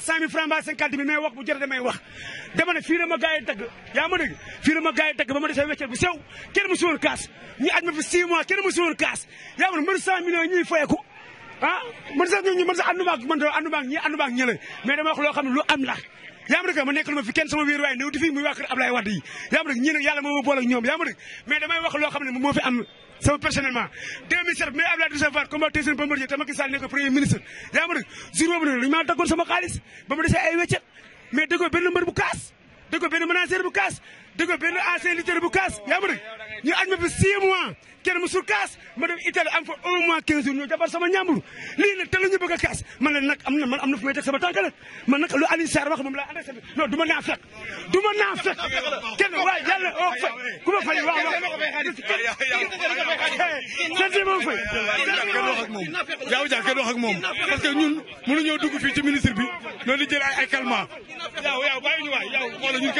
mbaa cent mille franc mbaa cinquante mille wax bu jërë damay wax dama ne fii la ma gars yi dagg yaa ma dégg fii la ma gars yi dagg ba ma desee bu sew kenn mu si woon kaas ñu aj ma fi six mois mu si woon kaas yaa ma ne mënu cent millions ah man sax ñooñu man sax ànduma ak man de ànduma ak ñi ànduma ak ñële mais dama wax loo xam ne am la yaa ma dëgg ma ma fi kenn sama wéeru waaye néew di fii muy waa kër Ablaye Wade yi yaa ma dëgg ñii ma boole ak ñoom ma dëgg mais damay wax loo xam ne moo fi am sama personnellement 2007 mais Abdoulaye Diouf Sarr combat Tyson Bombardier te Macky Sall nekk premier ministre yaa ma dëgg jour boobu nag dañu maa sama xaalis ba ma desee weccet mais dëggoo benn mbër bu bu kaas dëggoo benn ma kenn musul kaas ma dem Italie am fa un mois 15 jours ñu jabar sama ñaambur lii nag te ñu bëgg a kaas man na man am na fu may teg sama tànk la man nag lu Alioune Sarr wax moom laa ànd ak sa non du ma naa fekk du ma kenn waaye yàlla oo fay wax wax seen moom fay yaaw kenn wax ak moom parce que ñun mënuñoo dugg fii ci ministre bi noonu di jël ay ay